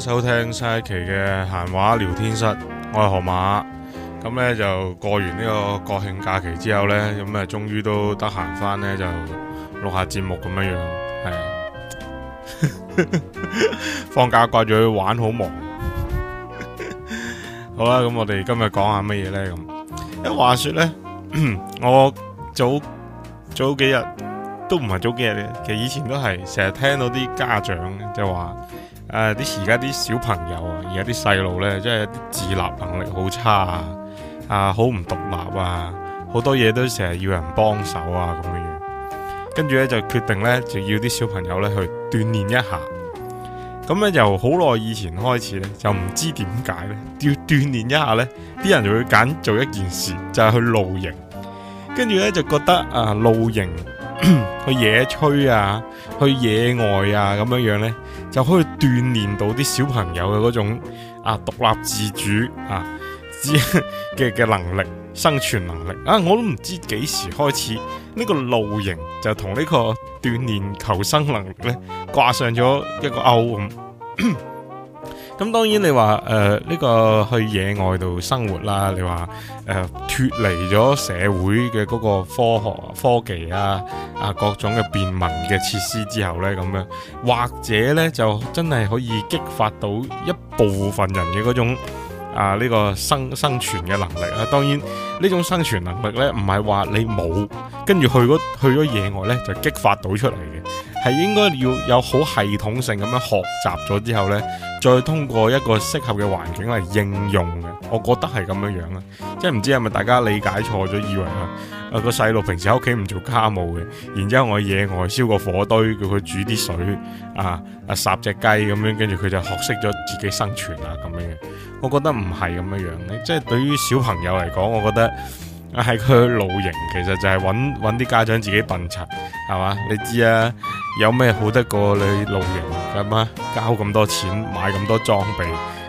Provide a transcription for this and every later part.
收聽新一期嘅閒話聊天室，我係河馬。咁呢就過完呢個國慶假期之後呢，咁啊終於都得閒翻呢，就錄下節目咁樣樣。啊、 放假掛住去玩，好忙。好啦、啊，咁我哋今日講下乜嘢呢？咁一話說呢，我早早幾日都唔係早幾日嘅，其實以前都係成日聽到啲家長就話。誒，啲而家啲小朋友啊，而家啲細路呢，即係自立能力好差啊，啊，好唔獨立啊，好多嘢都成日要人幫手啊，咁樣樣，跟住呢，就決定呢，就要啲小朋友呢去鍛煉一下。咁呢由好耐以前開始呢，就唔知點解呢，要鍛煉一下呢，啲人就會揀做一件事，就係去露營。跟住呢，就覺得啊、呃，露營。 去野炊啊，去野外啊，咁樣樣呢，就可以鍛煉到啲小朋友嘅嗰種啊獨立自主啊嘅嘅能力、生存能力啊！我都唔知幾時開始呢個露營就同呢個鍛煉求生能力呢掛上咗一個勾咁。嗯 咁當然你話誒呢個去野外度生活啦，你話誒脫離咗社會嘅嗰個科學科技啊啊各種嘅便民嘅設施之後呢，咁樣，或者呢，就真係可以激發到一部分人嘅嗰種啊呢個生生存嘅能力啊。當然呢種生存能力呢，唔係話你冇，跟住去去咗野外呢，就激發到出嚟嘅。係應該要有好系統性咁樣學習咗之後呢，再通過一個適合嘅環境嚟應用嘅，我覺得係咁樣樣啊。即係唔知係咪大家理解錯咗，以為啊個細路平時喺屋企唔做家務嘅，然之後我野外燒個火堆，叫佢煮啲水啊啊殺隻雞咁樣，跟住佢就學識咗自己生存啊咁樣嘅。我覺得唔係咁樣樣，即係對於小朋友嚟講，我覺得。啊，喺佢露營，其實就係揾揾啲家長自己笨柒，係嘛？你知啊，有咩好得過你露營咁啊？交咁多錢，買咁多裝備，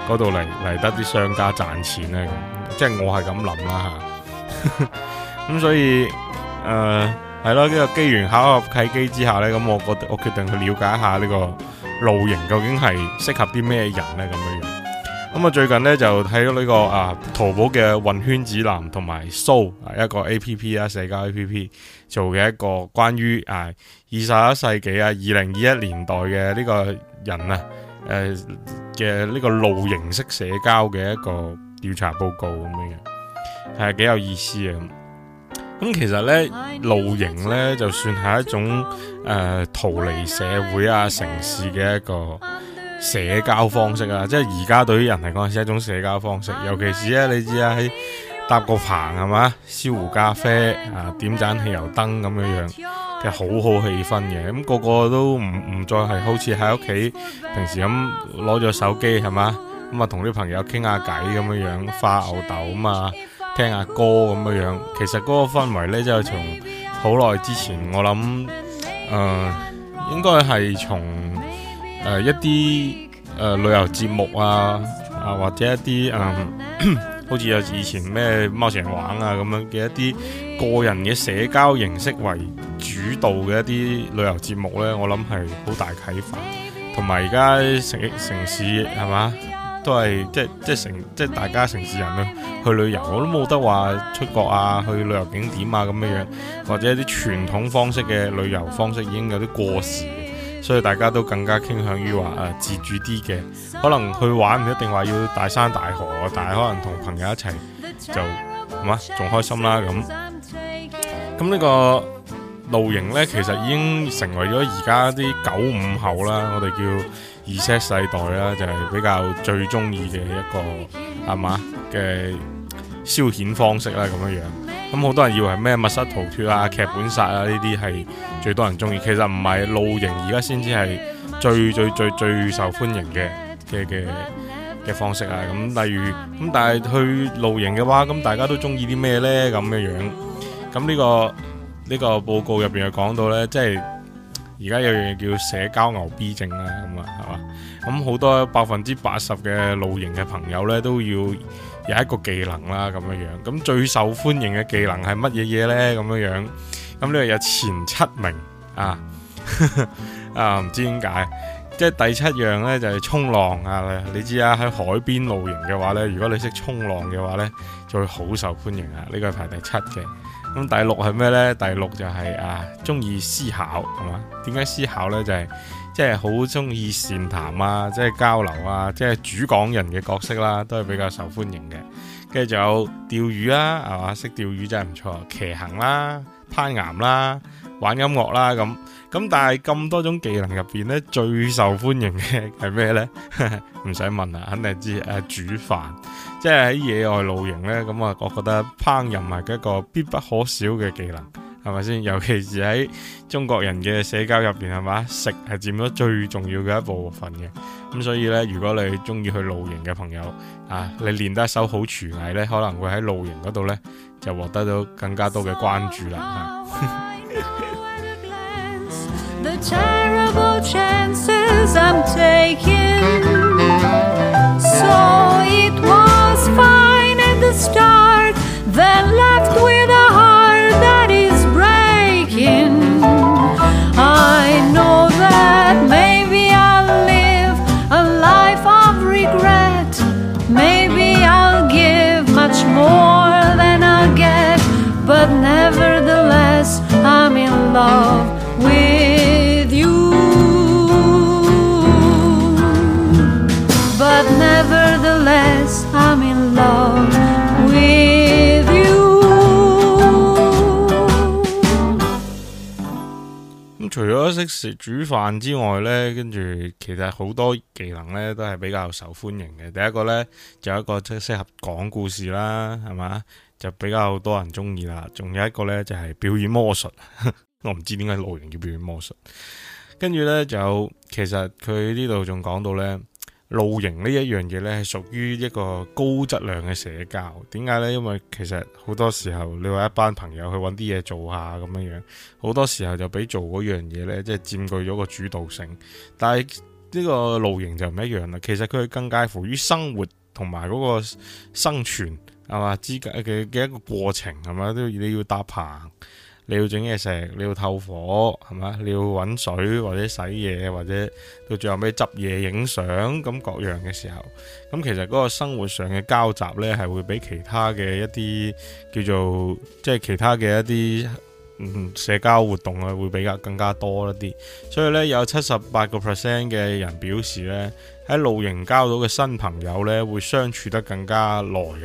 嗰度嚟嚟得啲商家賺錢咧？即係我係咁諗啦吓，咁 所以誒係咯，呢、呃呢個機緣巧合契機之下呢，咁我我決定去了解下呢個露營究竟係適合啲咩人呢？咁樣。咁啊，最近咧就睇到呢個啊淘寶嘅《混圈指南》同埋 Soul 一個 A P P 啊社交 A P P 做嘅一個關於啊二十一世紀啊二零二一年代嘅呢個人啊誒嘅呢個露營式社交嘅一個調查報告咁樣嘅，係幾有意思啊！咁其實咧露營咧就算係一種誒、呃、逃離社會啊城市嘅一個。社交方式啊，即係而家對於人嚟講，係一種社交方式。尤其是啊，你知啊，喺搭個棚係嘛，燒壺咖啡啊、呃，點盞汽油燈咁樣樣其實，好好氣氛嘅。咁個個都唔唔再係好似喺屋企平時咁攞咗手機係嘛，咁啊同啲朋友傾下偈咁樣樣，發吽哣啊嘛，聽下歌咁樣樣。其實嗰、嗯個,個,嗯、個氛圍呢，就係從好耐之前，我諗誒、呃，應該係從。誒、呃，一啲誒、呃、旅遊節目啊，啊或者一啲誒、嗯，好似有以前咩貓城玩啊咁樣嘅一啲個人嘅社交形式為主導嘅一啲旅遊節目呢，我諗係好大啟發。同埋而家城城市係嘛，都係即即城即大家城市人咯，去旅遊我都冇得話出國啊，去旅遊景點啊咁樣，或者一啲傳統方式嘅旅遊方式已經有啲過時。所以大家都更加傾向於話誒、呃、自主啲嘅，可能去玩唔一定話要大山大河，但係可能同朋友一齊就係嘛，仲、啊、開心啦咁。咁呢個露營呢，其實已經成為咗而家啲九五後啦，我哋叫 Z 世代啦，就係、是、比較最中意嘅一個係嘛嘅消遣方式啦，咁樣樣。咁好多人以為咩密室逃脫啊、劇本殺啊呢啲係最多人中意，其實唔係露營，而家先至係最最最最受歡迎嘅嘅嘅嘅方式啊！咁、嗯、例如咁、嗯，但係去露營嘅話，咁、嗯、大家都中意啲咩呢？咁嘅樣，咁呢、呢個呢、呢個報告入邊又講到呢，即係而家有樣嘢叫社交牛 B 症咧，咁啊，係嘛？咁好多百分之八十嘅露營嘅朋友呢，都要有一個技能啦，咁樣樣。咁最受歡迎嘅技能係乜嘢嘢呢？咁樣樣。咁呢個有前七名啊， 啊唔知點解。即係第七樣呢，就係、是、衝浪啊，你知啊？喺海邊露營嘅話呢，如果你識衝浪嘅話呢，就會好受歡迎啊。呢個係排第七嘅。咁第六係咩呢？第六就係、是、啊，中意思考係嘛？點解思考呢？就係、是。即係好中意善談啊，即係交流啊，即係主講人嘅角色啦，都係比較受歡迎嘅。跟住仲有釣魚啦、啊，係嘛，識釣魚真係唔錯。騎行啦、啊、攀岩啦、啊、玩音樂啦咁咁，但係咁多種技能入邊呢，最受歡迎嘅係咩呢？唔 使問啦，肯定係知啊，煮飯。即係喺野外露營呢。咁啊，我覺得烹飪係一個必不可少嘅技能。係咪先？尤其是喺中國人嘅社交入邊，係嘛？食係佔咗最重要嘅一部分嘅。咁所以呢，如果你中意去露營嘅朋友啊，你練得一手好廚藝呢，可能會喺露營嗰度呢，就獲得到更加多嘅關注啦。識食煮飯之外呢，跟住其實好多技能呢都係比較受歡迎嘅。第一個呢，就有一個即適合講故事啦，係嘛，就比較多人中意啦。仲有一個呢，就係表演魔術， 我唔知點解露營要表演魔術。跟住呢，就其實佢呢度仲講到呢。露營呢一樣嘢呢，係屬於一個高質量嘅社交，點解呢？因為其實好多時候你話一班朋友去揾啲嘢做下咁樣樣，好多時候就俾做嗰樣嘢呢，即係佔據咗個主導性。但係呢個露營就唔一樣啦，其實佢更介乎於生活同埋嗰個生存係嘛之間嘅嘅一個過程係嘛？都你要搭棚。你要整嘢食，你要透火，係嘛？你要揾水或者洗嘢，或者到最後尾執嘢影相，咁各樣嘅時候，咁其實嗰個生活上嘅交集呢，係會比其他嘅一啲叫做即係、就是、其他嘅一啲社交活動啊，會比較更加多一啲。所以呢，有七十八個 percent 嘅人表示呢，喺露營交到嘅新朋友呢，會相處得更加耐嘅。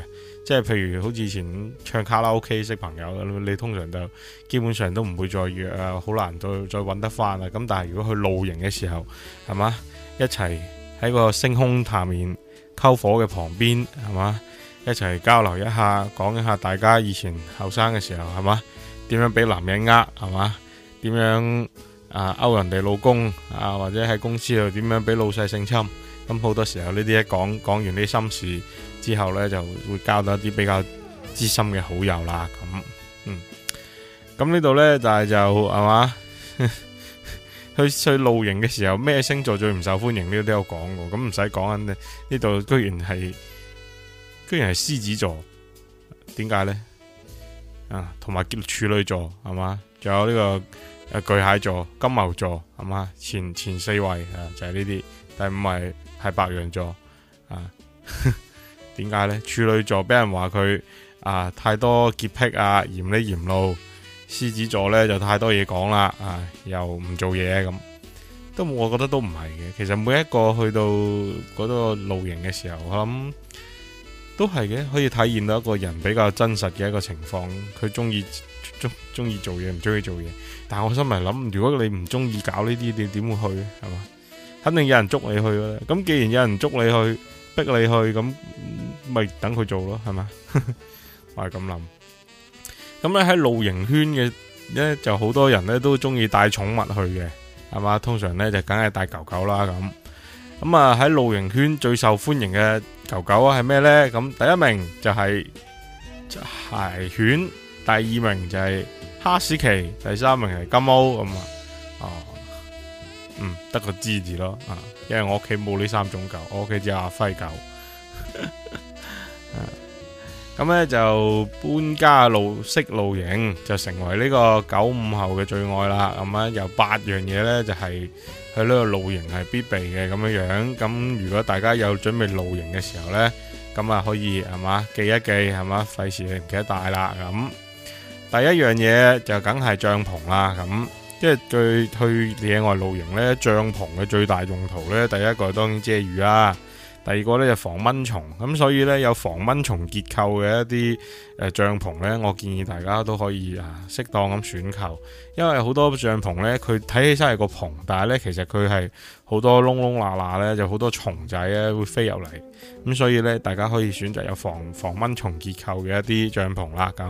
即係譬如好似以前唱卡拉 OK 識朋友，你通常就基本上都唔會再約啊，好難再再揾得翻啊。咁但係如果去露營嘅時候，係嘛，一齊喺個星空下面篝火嘅旁邊，係嘛，一齊交流一下，講一下大家以前後生嘅時候，係嘛，點樣俾男人呃，係嘛，點樣啊勾人哋老公啊，或者喺公司度點樣俾老細性侵。咁好多時候呢啲一講講完啲心事。之後呢，就會交到一啲比較知心嘅好友啦。咁，嗯，咁呢度呢，但係就係嘛， 去去露營嘅時候，咩星座最唔受歡迎？呢都有講過。咁唔使講啊，呢度居然係，居然係獅子座，點解呢？啊，同埋處女座係嘛，仲有呢個巨蟹座、金牛座係嘛，前前四位啊就係呢啲，第五位係白羊座啊。 點解呢？處女座俾人話佢啊，太多潔癖啊，嫌你嫌路。獅子座呢，就太多嘢講啦，啊又唔做嘢咁，都我覺得都唔係嘅。其實每一個去到嗰個露營嘅時候，我諗都係嘅，可以體現到一個人比較真實嘅一個情況。佢中意中意做嘢，唔中意做嘢。但係我心裏諗，如果你唔中意搞呢啲，你點會去係嘛？肯定有人捉你去啦。咁既然有人捉你去，逼你去咁。咪等佢做咯，係嘛？ 我係咁諗。咁咧喺露營圈嘅咧，就好多人咧都中意帶寵物去嘅，係嘛？通常咧就梗係帶狗狗啦咁。咁啊喺露營圈最受歡迎嘅狗狗係咩咧？咁第一名就係、是就是、柴犬，第二名就係哈士奇，第三名係金毛咁啊。哦，嗯，得個支字咯啊，因為我屋企冇呢三種狗，我屋企只有阿輝狗。 咁呢、嗯、就搬家露式露營就成為呢個九五後嘅最愛啦。咁、嗯、啊，有八樣嘢呢，就係喺呢個露營係必備嘅咁樣樣。咁如果大家有準備露營嘅時候呢，咁啊可以係嘛記一記係嘛，費事唔記得帶啦。咁第一樣嘢就梗係帳篷啦。咁即係去去野外露營呢，帳篷嘅最大用途呢，第一個當然遮雨啦。第二個咧就防蚊蟲，咁所以咧有防蚊蟲結構嘅一啲誒帳篷咧，我建議大家都可以啊適當咁選購，因為好多帳篷咧佢睇起身係個篷，但係咧其實佢係。好多窿窿罅罅咧，就好多蟲仔咧會飛入嚟咁，所以咧大家可以選擇有防防蚊蟲結構嘅一啲帳篷啦。咁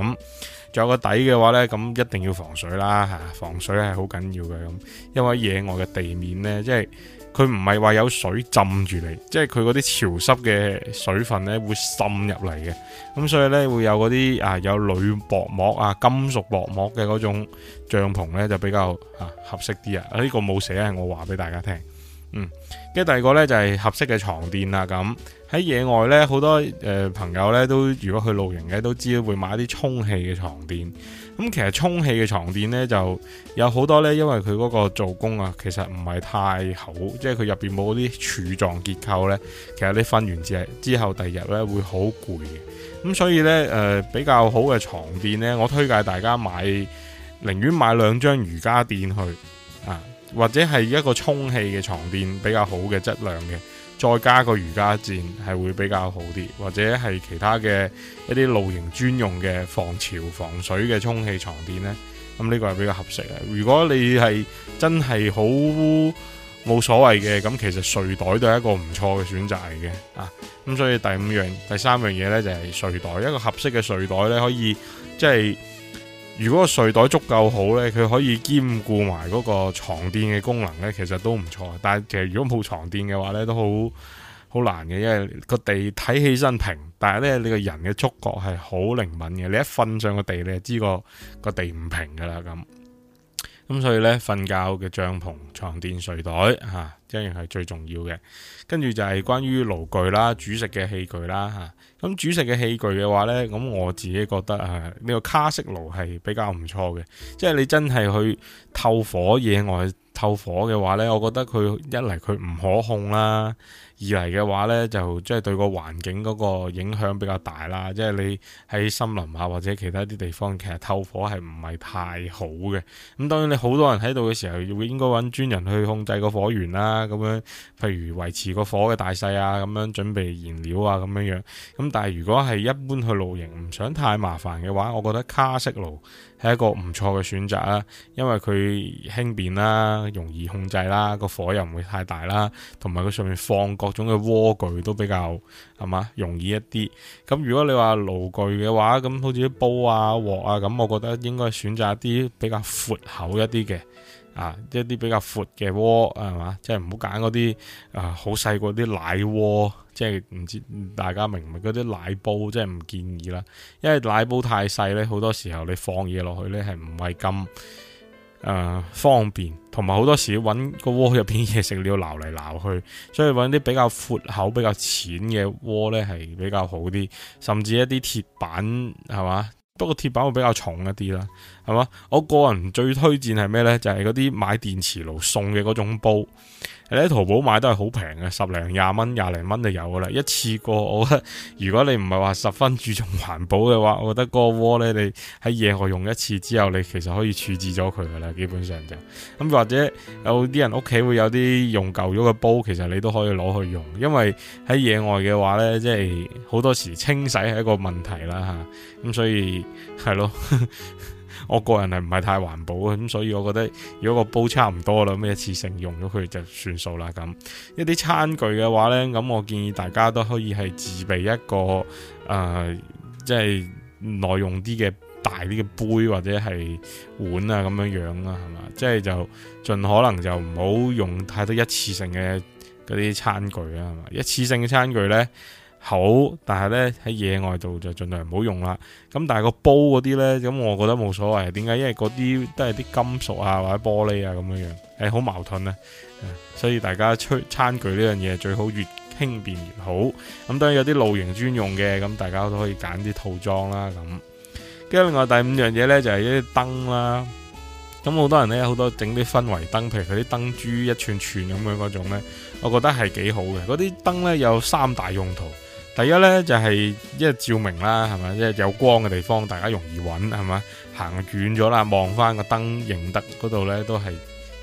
仲有個底嘅話咧，咁一定要防水啦吓，防水係好緊要嘅咁，因為野外嘅地面咧，即係佢唔係話有水浸住你，即係佢嗰啲潮濕嘅水分咧會滲入嚟嘅，咁所以咧會有嗰啲啊有鋁薄膜啊、金屬薄膜嘅嗰種帳篷咧就比較啊合適啲啊。呢個冇寫，我話俾大家聽。嗯，跟住第二個呢就係、是、合適嘅床墊啦，咁喺野外呢，好多誒、呃、朋友呢都如果去露營嘅都知道會買一啲充氣嘅床墊，咁、嗯、其實充氣嘅床墊呢就有好多呢，因為佢嗰個做工啊，其實唔係太好，即係佢入邊冇啲柱狀結構呢，其實你瞓完之之後第二日呢會好攰嘅，咁、嗯、所以呢，誒、呃、比較好嘅床墊呢，我推介大家買，寧願買兩張瑜伽墊去啊。或者係一個充氣嘅床墊，比較好嘅質量嘅，再加個瑜伽墊係會比較好啲，或者係其他嘅一啲露營專用嘅防潮防水嘅充氣床墊呢，咁呢個係比較合適嘅。如果你係真係好冇所謂嘅，咁其實睡袋都係一個唔錯嘅選擇嚟嘅啊。咁所以第五樣、第三樣嘢呢，就係睡袋，一個合適嘅睡袋呢，可以即係。如果個睡袋足夠好呢，佢可以兼顧埋嗰個牀墊嘅功能呢，其實都唔錯。但係其實如果冇床墊嘅話呢，都好好難嘅，因為個地睇起身平，但係呢，你個人嘅觸覺係好靈敏嘅，你一瞓上個地，你就知個個地唔平噶啦咁。咁所以呢，瞓覺嘅帳篷、床墊、睡袋嚇，一樣係最重要嘅。跟住就係關於爐具啦、煮食嘅器具啦嚇。咁、啊啊、煮食嘅器具嘅話呢，咁我自己覺得啊，呢、呢個卡式爐係比較唔錯嘅。即、就、係、是、你真係去透火野外透火嘅話呢，我覺得佢一嚟佢唔可控啦。二嚟嘅話咧，就即係對個環境個影響比較大啦。即係你喺森林啊或者其他啲地方，其實透火係唔係太好嘅。咁當然你好多人喺度嘅時候要應該揾專人去控制個火源啦。咁樣譬如維持個火嘅大細啊，咁樣準備燃料啊，咁樣樣，咁但係如果係一般去露營唔想太麻煩嘅話，我覺得卡式爐係一個唔錯嘅選擇啦，因為佢輕便啦，容易控制啦，個火又唔會太大啦，同埋佢上面放。各種嘅鍋具都比較係嘛容易一啲，咁如果你話爐具嘅話，咁好似啲煲啊、鑊啊，咁我覺得應該選擇一啲比較闊口一啲嘅，啊，即係、一啲比較闊嘅鍋係嘛，即係唔好揀嗰啲啊好細個啲奶鍋，即係唔知大家明唔明？嗰啲奶煲即係唔建議啦，因為奶煲太細呢，好多時候你放嘢落去呢，係唔係咁。誒、呃、方便，同埋好多時揾個鍋入邊嘢食，你要撈嚟撈去，所以揾啲比較闊口、比較淺嘅鍋呢係比較好啲，甚至一啲鐵板係嘛，不過鐵板會比較重一啲啦，係嘛？我個人最推薦係咩呢？就係嗰啲買電磁爐送嘅嗰種煲。你喺淘寶買都係好平嘅，十零廿蚊、廿零蚊就有噶啦。一次過，我覺得，如果你唔係話十分注重環保嘅話，我覺得個鍋咧，你喺野外用一次之後，你其實可以處置咗佢噶啦，基本上就咁。或者有啲人屋企會有啲用舊咗嘅煲，其實你都可以攞去用，因為喺野外嘅話咧，即係好多時清洗係一個問題啦吓，咁、啊、所以係咯。 我個人係唔係太環保嘅，咁所以我覺得如果個煲差唔多啦，咁一次性用咗佢就算數啦。咁一啲餐具嘅話呢，咁我建議大家都可以係自備一個誒，即係耐用啲嘅大啲嘅杯或者係碗啊咁樣樣啦，係嘛，即係就盡可能就唔好用太多一次性嘅嗰啲餐具啦，係嘛，一次性嘅餐具呢。好，但係呢，喺野外度就盡量唔好用啦。咁但係個煲嗰啲呢，咁我覺得冇所謂。點解？因為嗰啲都係啲金屬啊，或者玻璃啊咁樣樣，誒、欸、好矛盾咧、啊。所以大家炊餐具呢樣嘢最好越輕便越好。咁、嗯、當然有啲露營專用嘅，咁大家都可以揀啲套裝啦。咁跟住另外第五樣嘢呢，就係、是、一啲燈啦。咁、嗯、好多人呢，好多整啲氛圍燈，譬如佢啲燈珠一串串咁樣嗰種呢，我覺得係幾好嘅。嗰啲燈呢，有三大用途。第一咧就係一係照明啦，係咪，一係有光嘅地方大家容易揾，係咪？行遠咗啦，望翻個燈認得嗰度咧都係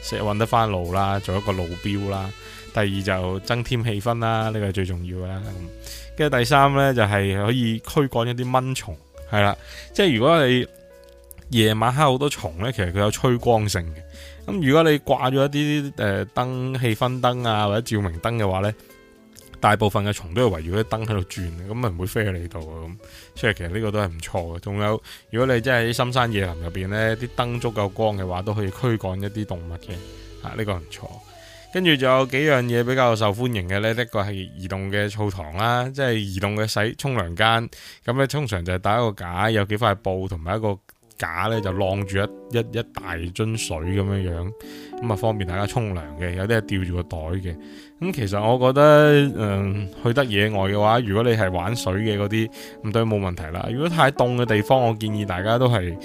成日揾得翻路啦，做一個路標啦。第二就增添氣氛啦，呢個係最重要嘅啦。跟住第三咧就係可以驅趕一啲蚊蟲，係啦，即係如果你夜晚黑好多蟲咧，其實佢有趨光性嘅。咁如果你掛咗一啲誒燈氣氛燈啊或者照明燈嘅話咧。大部分嘅蟲都係圍繞啲燈喺度轉，咁唔會飛去你度啊咁。所以其實呢個都係唔錯嘅。仲有，如果你真係喺深山野林入邊呢，啲燈，燈足夠光嘅話，都可以驅趕一啲動物嘅。啊，呢個唔錯。跟住仲有幾樣嘢比較受歡迎嘅呢，一個係移動嘅澡堂啦，即係移動嘅洗沖涼間。咁咧通常就係打一個架，有幾塊布同埋一個架呢，就晾住一一一，一大樽水咁樣樣，咁啊方便大家沖涼嘅。有啲係吊住個袋嘅。咁、嗯、其實我覺得，嗯，去得野外嘅話，如果你係玩水嘅嗰啲，咁都冇問題啦。如果太凍嘅地方，我建議大家都係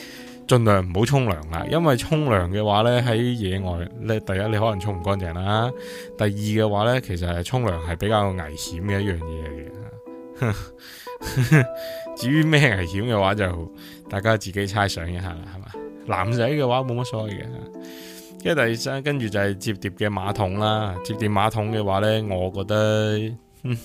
盡量唔好沖涼啦，因為沖涼嘅話呢，喺野外咧，第一你可能沖唔乾淨啦，第二嘅話呢，其實係沖涼係比較危險嘅一樣嘢嚟嘅。 至於咩危險嘅話就，就大家自己猜想一下啦，係嘛？男仔嘅話冇乜所謂嘅。即係第三，跟住就係摺疊嘅馬桶啦。摺疊馬桶嘅話呢，我覺得，呵呵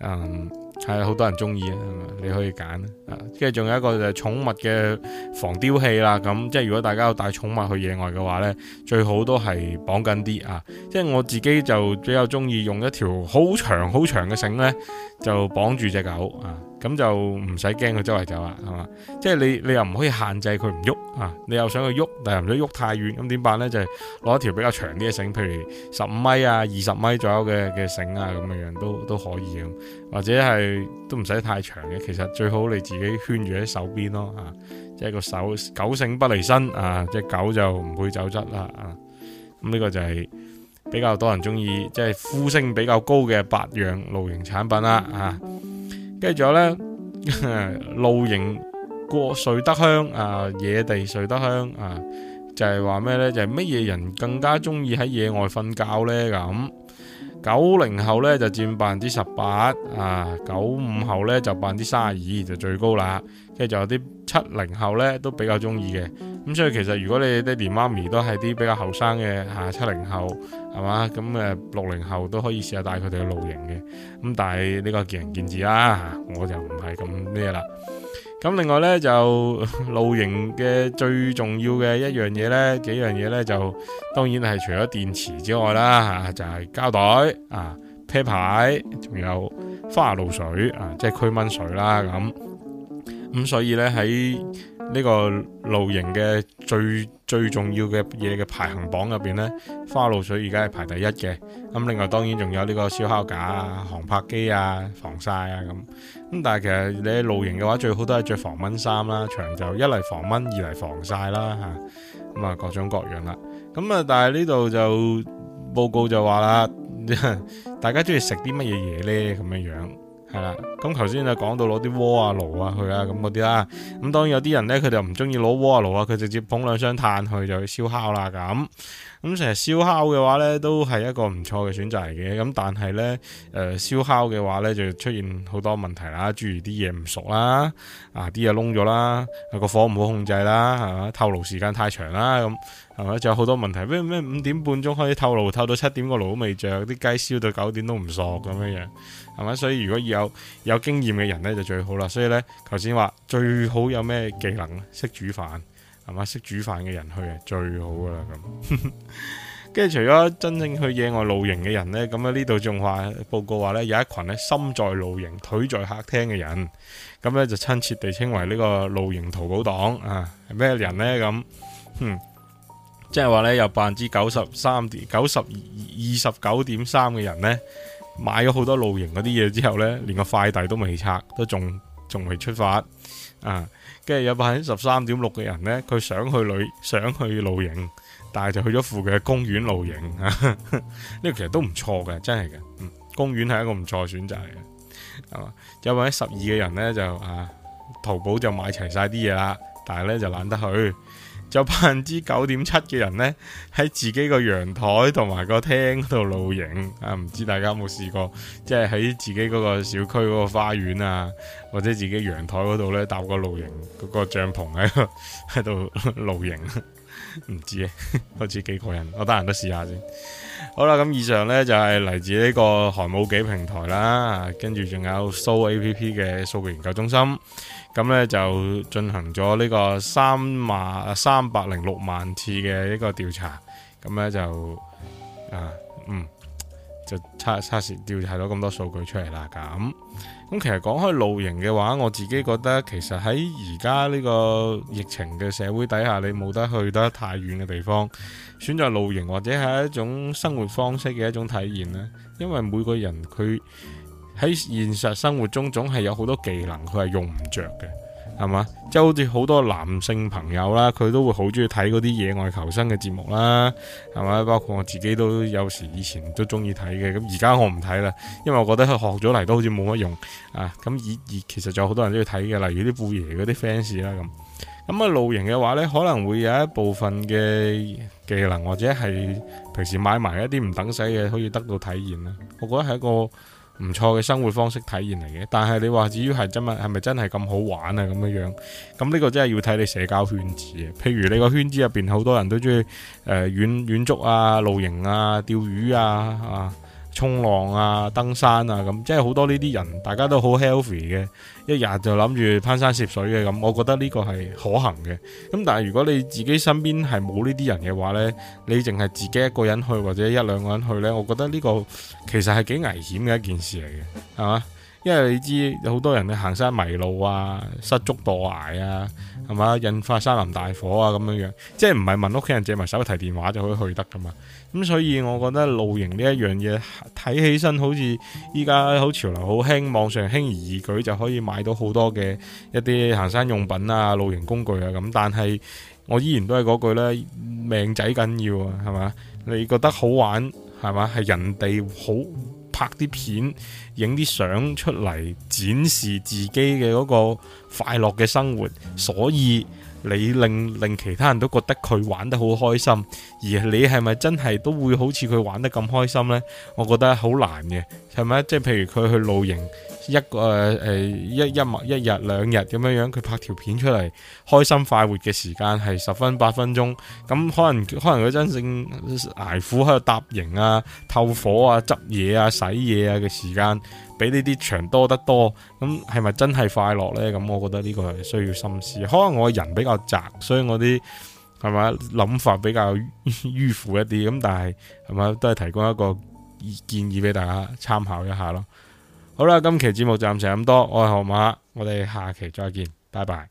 嗯，係好多人中意啊。你可以揀啊。跟住仲有一個就係寵物嘅防丟器啦。咁即係如果大家有帶寵物去野外嘅話呢，最好都係綁緊啲啊。即係我自己就比較中意用一條好長好長嘅繩呢，就綁住隻狗啊。咁就唔使驚佢周圍走啦，係嘛？即係你你又唔可以限制佢唔喐啊，你又想去喐，但係唔想喐太遠，咁點辦呢？就係攞一條比較長啲嘅繩，譬如十五米啊、二十米左右嘅嘅繩啊，咁嘅樣都都可以啊。或者係都唔使太長嘅，其實最好你自己圈住喺手邊咯啊！即係個手狗繩不離身啊，隻狗就唔會走失啦啊！咁呢個就係比較多人中意，即係呼聲比較高嘅八樣露營產品啦啊！跟住仲有咧露營過睡得香啊、呃，野地睡得香啊、呃，就係話咩呢？就係乜嘢人更加中意喺野外瞓覺呢？咁，九零後咧就佔百分之十八，啊九五後咧就百分之三十二就最高啦，跟住就有啲七零後咧都比較中意嘅，咁、啊、所以其實如果你爹哋媽咪都係啲比較、啊、後生嘅吓七零後係嘛，咁誒六零後都可以試下帶佢哋去露營嘅，咁、啊、但係呢、呢個見仁見智啦，我就唔係咁咩啦。咁另外咧就露營嘅最重要嘅一樣嘢咧，幾樣嘢咧就當然係除咗電池之外啦嚇，就係膠袋啊、啤牌，仲有花露水啊，即係驅蚊水啦咁。咁所以咧喺呢個露營嘅最最重要嘅嘢，嘅排行榜入邊呢，花露水而家係排第一嘅。咁另外當然仲有呢個燒烤架啊、航拍機啊、防曬啊咁。咁但係其實你露營嘅話最好都係着防蚊衫啦，長袖一嚟，防蚊，二嚟防曬啦吓。咁啊，啊各種各樣啦。咁啊，但係呢度就報告就話啦， 大家中意食啲乜嘢嘢呢？咁樣樣。係啦，咁頭先就講到攞啲鍋啊爐啊去啊咁嗰啲啦，咁、啊、當然有啲人呢，佢哋又唔中意攞鍋啊爐啊，佢直接捧兩箱炭去就去燒烤啦咁。咁成日燒烤嘅話呢，都係一個唔錯嘅選擇嚟嘅。咁、嗯、但係呢，誒、呃、燒烤嘅話呢，就出現好多問題啦，諸如啲嘢唔熟啦，啊啲嘢燶咗啦，個、啊、火唔好控制啦，係嘛？透爐時間太長啦，咁係嘛？仲有好多問題，咩咩五點半鐘可以透爐，透到七點個爐都未着，啲雞燒到九點都唔熟咁樣樣，係嘛？所以如果有有經驗嘅人呢，就最好啦。所以呢，頭先話最好有咩技能咧，識煮飯。係嘛，識煮飯嘅人去係最好噶啦，咁，跟住 除咗真正去野外露營嘅人呢，咁啊呢度仲話報告話呢，有一群呢心在露營，腿在客廳嘅人，咁呢就親切地稱為呢個露營淘寶黨啊，係咩人呢？咁？嗯，即係話呢，有百分之九十三點九十二二十九點三嘅人呢，買咗好多露營嗰啲嘢之後呢，連個快遞都未拆，都仲～仲未出發啊！跟住有百分之十三點六嘅人呢，佢想去旅想去露營，但係就去咗附近嘅公園露營啊！呢個其實都唔錯嘅，真係嘅、嗯，公園係一個唔錯嘅選擇嚟嘅，係嘛？有百分之十二嘅人呢，就啊，淘寶就買齊晒啲嘢啦，但係呢，就懶得去。就百分之九點七嘅人呢，喺自己陽個陽台同埋個廳度露營啊！唔知大家有冇試過，即係喺自己嗰個小區嗰個花園啊，或者自己陽台嗰度呢，搭個露營嗰、那個帳篷喺個喺度露營。唔知，好似幾過癮，我得閒都試下先。好啦，咁以上呢，就係、是、嚟自呢個寒武紀平台啦，啊、跟住仲有 Soul APP 嘅數據研究中心。咁咧就進行咗呢個三萬三百零六萬次嘅一個調查，咁咧就啊嗯，就測測試調查到咁多數據出嚟啦。咁咁其實講開露營嘅話，我自己覺得其實喺而家呢個疫情嘅社會底下，你冇得去得太遠嘅地方，選擇露營或者係一種生活方式嘅一種體驗呢，因為每個人佢。喺現實生活中，總係有好多技能佢係用唔着嘅，係嘛？即係好似好多男性朋友啦，佢都會好中意睇嗰啲野外求生嘅節目啦，係咪？包括我自己都有時以前都中意睇嘅，咁而家我唔睇啦，因為我覺得佢學咗嚟都好似冇乜用啊。咁而而其實仲有好多人都要睇嘅，例如啲貝爺嗰啲 fans 啦咁。咁啊露營嘅話呢，可能會有一部分嘅技能或者係平時買埋一啲唔等使嘅，可以得到體驗啦。我覺得係一個唔錯嘅生活方式體驗嚟嘅，但係你話至於係真係係咪真係咁好玩啊咁樣樣，咁呢個真係要睇你社交圈子嘅。譬如你個圈子入邊好多人都中意誒遠遠足啊、露營啊、釣魚啊啊。衝浪啊、登山啊，咁即係好多呢啲人，大家都好 healthy 嘅，一日就諗住攀山涉水嘅咁，我覺得呢個係可行嘅。咁但係如果你自己身邊係冇呢啲人嘅話呢，你淨係自己一個人去或者一兩個人去呢，我覺得呢個其實係幾危險嘅一件事嚟嘅，係嘛？因為你知好多人行山迷路啊、失足墮崖啊，係嘛，引發山林大火啊，咁樣樣，即係唔係問屋企人借埋手提電話就可以去得噶嘛？咁所以我覺得露營呢一樣嘢睇起身好似依家好潮流、好興，網上輕而易舉就可以買到好多嘅一啲行山用品啊、露營工具啊咁。但係我依然都係嗰句啦：命仔緊要啊，係嘛？你覺得好玩係嘛？係人哋好。拍啲片、影啲相出嚟展示自己嘅嗰個快樂嘅生活，所以你令令其他人都覺得佢玩得好開心，而你係咪真係都會好似佢玩得咁開心咧？我覺得好難嘅，係咪？即係譬如佢去露營。一個誒誒、呃，一一一,一日兩日咁樣樣，佢拍條片出嚟，開心快活嘅時間係十分八分鐘，咁可能可能佢真正挨苦喺度搭營啊、透火啊、執嘢啊、洗嘢啊嘅時間，比呢啲長多得多，咁係咪真係快樂呢？咁我覺得呢個係需要深思。可能我人比較宅，所以我啲係咪？諗法比較迂腐一啲，咁但係係咪？都係提供一個建議俾大家參考一下咯。好啦，今期節目暫時咁多，我係何馬，我哋下期再見，拜拜。